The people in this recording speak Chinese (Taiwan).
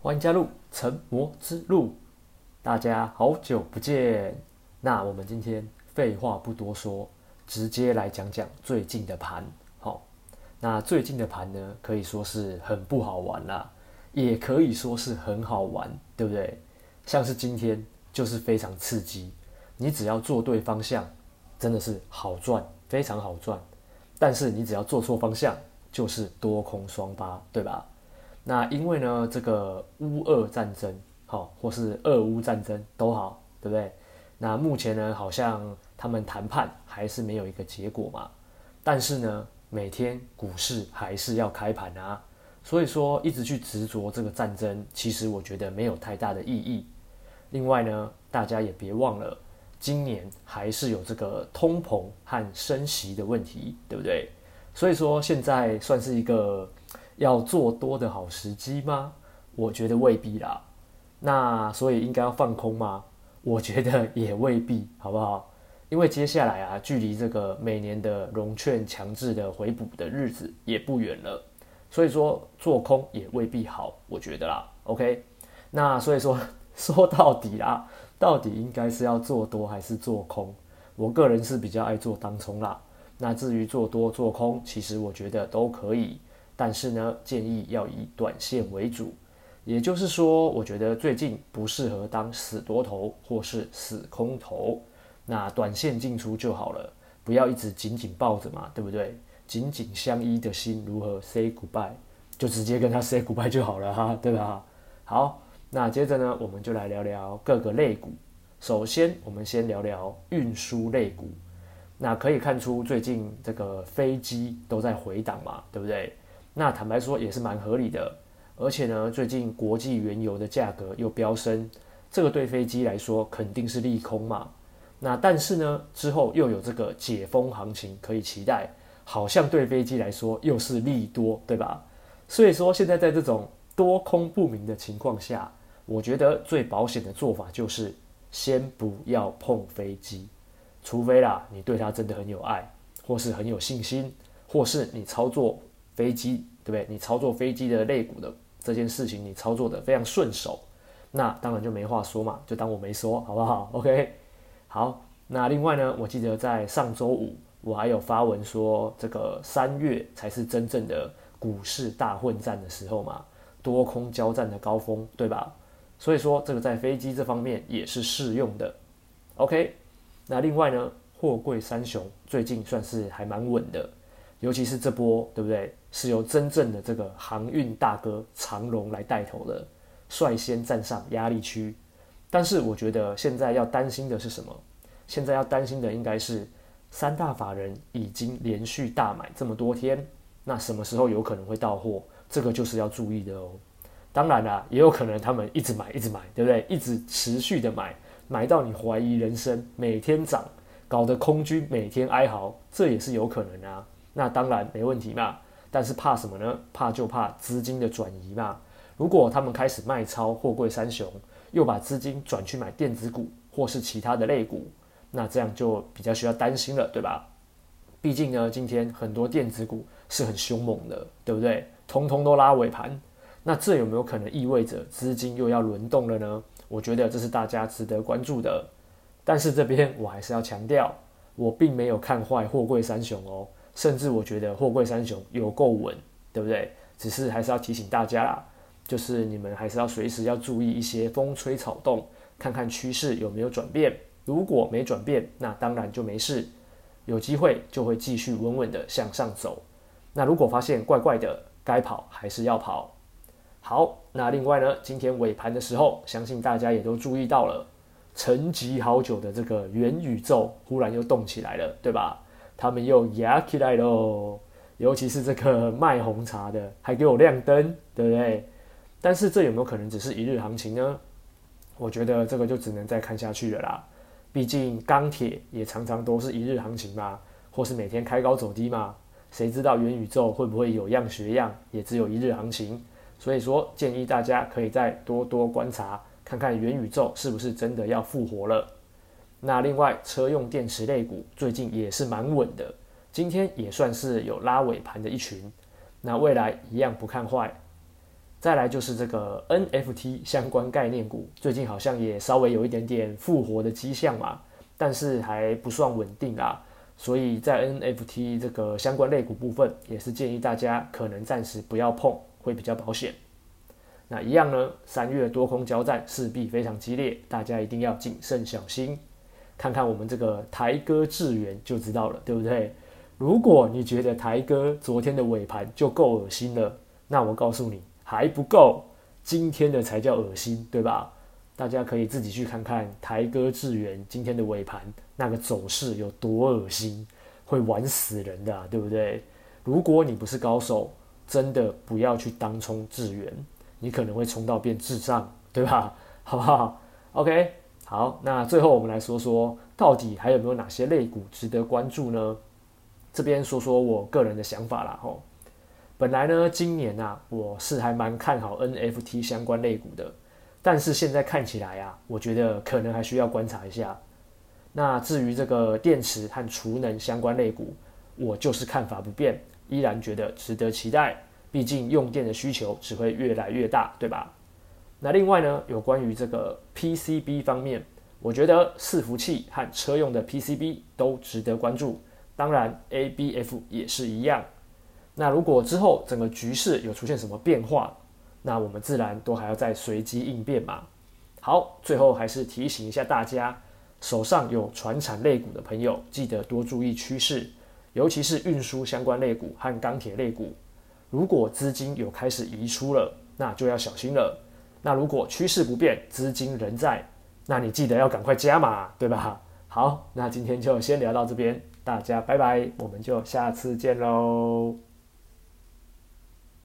歡迎加入成魔之路，大家好久不見。那我們今天廢話不多說，直接來講講最近的盤。好，那最近的盤呢，可以說是很不好玩啦，也可以說是很好玩，對不對？像是今天就是非常刺激，你只要做對方向，真的是好賺，非常好賺。但是你只要做錯方向，就是多空雙巴，對吧？那因為呢，這個烏俄戰爭好，哦，或是俄烏戰爭都好，對不對？那目前呢，好像他們談判還是沒有一個結果嘛。但是呢，每天股市還是要開盤啊，所以說一直去執着這個戰爭，其實我覺得沒有太大的意義。另外呢，大家也別忘了，今年還是有這個通膨和升息的問題，對不對？所以說現在算是一個。要做多的好時機嗎？我覺得未必啦。那所以應該要放空嗎？我覺得也未必，好不好？因為接下來啊，距離這個每年的融券強制的回補的日子也不遠了，所以說做空也未必好，我覺得啦。OK，那所以說說到底啦，到底應該是要做多還是做空？我個人是比較愛做當沖啦。那至於做多做空，其實我覺得都可以。但是呢，建議要以短線為主，也就是說，我覺得最近不適合當死多頭或是死空頭，那短線進出就好了，不要一直緊緊抱着嘛，對不對？緊緊相依的心如何 say goodbye，就直接跟他 say goodbye 就好了哈，對吧？好，那接着呢，我們就來聊聊各個類股。首先，我們先聊聊運輸類股。那可以看出，最近這個飛機都在回檔嘛，對不對？那坦白說也是蠻合理的，而且呢，最近國際原油的價格又飆升，這個對飛機來說肯定是利空嘛。那但是呢，之後又有這個解封行情可以期待，好像對飛機來說又是利多，對吧？所以說現在在這種多空不明的情況下，我覺得最保險的做法就是先不要碰飛機，除非啦，你對它真的很有愛，或是很有信心，或是你操作。飛機對不對？你操作飛機的類股的這件事情，你操作得非常順手，那當然就沒話說嘛，就當我沒說，好不好？OK，好。那另外呢，我記得在上周五，我還有發文說，這個三月才是真正的股市大混戰的時候嘛，多空交戰的高峰，對吧？所以說，這個在飛機這方面也是適用的。OK，那另外呢，貨櫃三雄最近算是還蠻穩的。尤其是這波，對不對？是由真正的這個航運大哥長榮來帶頭的，率先站上壓力區。但是，我覺得現在要擔心的是什麼？現在要擔心的應該是三大法人已經連續大買這麼多天，那什麼時候有可能會到貨？這個就是要注意的哦。當然啦，也有可能他們一直買，一直買，對不對？一直持續的買，買到你懷疑人生，每天漲，搞得空軍每天哀嚎，這也是有可能啊。那當然沒問題嘛，但是怕什麼呢？怕就怕資金的轉移嘛。如果他們開始賣超貨櫃三雄，又把資金轉去買電子股或是其他的類股，那這樣就比較需要擔心了，對吧？畢竟呢，今天很多電子股是很兇猛的，對不對？通通都拉尾盤，那這有沒有可能意味着資金又要輪動了呢？我覺得這是大家值得關注的。但是這邊我還是要強調，我並沒有看壞貨櫃三雄哦。甚至我覺得貨櫃三雄有夠穩，對不對？只是還是要提醒大家啦，就是你們還是要隨時要注意一些風吹草動，看看趨勢有沒有轉變。如果沒轉變，那當然就沒事，有機會就會繼續穩穩的向上走。那如果發現怪怪的，該跑還是要跑。好，那另外呢，今天尾盤的時候，相信大家也都注意到了，沉寂好久的這個元宇宙忽然又動起來了，對吧？他們又壓起來嘍，尤其是這個賣紅茶的，還給我亮燈，對不對？但是這有沒有可能只是一日行情呢？我覺得這個就只能再看下去了啦。畢竟鋼鐵也常常都是一日行情嘛，或是每天開高走低嘛，誰知道元宇宙會不會有樣學樣，也只有一日行情？所以說，建議大家可以再多多觀察，看看元宇宙是不是真的要復活了。那另外，車用電池類股最近也是蠻穩的，今天也算是有拉尾盤的一群。那未來一樣不看壞。再來就是這個 NFT 相關概念股，最近好像也稍微有一點點復活的跡象嘛，但是還不算穩定啦、啊。所以在 NFT 這個相關類股部分，也是建議大家可能暫時不要碰，會比較保險。那一樣呢，三月多空交戰勢必非常激烈，大家一定要謹慎小心。看看我們這個台哥智源就知道了，對不對？如果你覺得台哥昨天的尾盤就夠噁心了，那我告訴你還不夠，今天的才叫噁心，對吧？大家可以自己去看看台哥智源今天的尾盤那個走勢有多噁心，會玩死人的啊，對不對？如果你不是高手，真的不要去當沖智源，你可能會沖到變智障，對吧？好不好？OK。好，那最後我們來說說，到底還有沒有哪些類股值得關注呢？這邊說說我個人的想法啦吼。本來呢，今年啊，我是還蠻看好 NFT 相關類股的，但是現在看起來啊，我覺得可能還需要觀察一下。那至於這個電池和儲能相關類股，我就是看法不變，依然覺得值得期待，畢竟用電的需求只會越來越大，對吧？那另外呢，有關於這個 PCB 方面，我覺得伺服器和車用的 PCB 都值得關注。當然，ABF 也是一樣。那如果之後整個局勢有出現什麼變化，那我們自然都還要再隨機應變嘛。好，最後還是提醒一下大家，手上有傳產類股的朋友，記得多注意趨勢，尤其是運輸相關類股和鋼鐵類股。如果資金有開始移出了，那就要小心了。那如果趨勢不變，資金仍在，那你記得要趕快加碼，對吧？好，那今天就先聊到這邊，大家拜拜，我們就下次見嘍。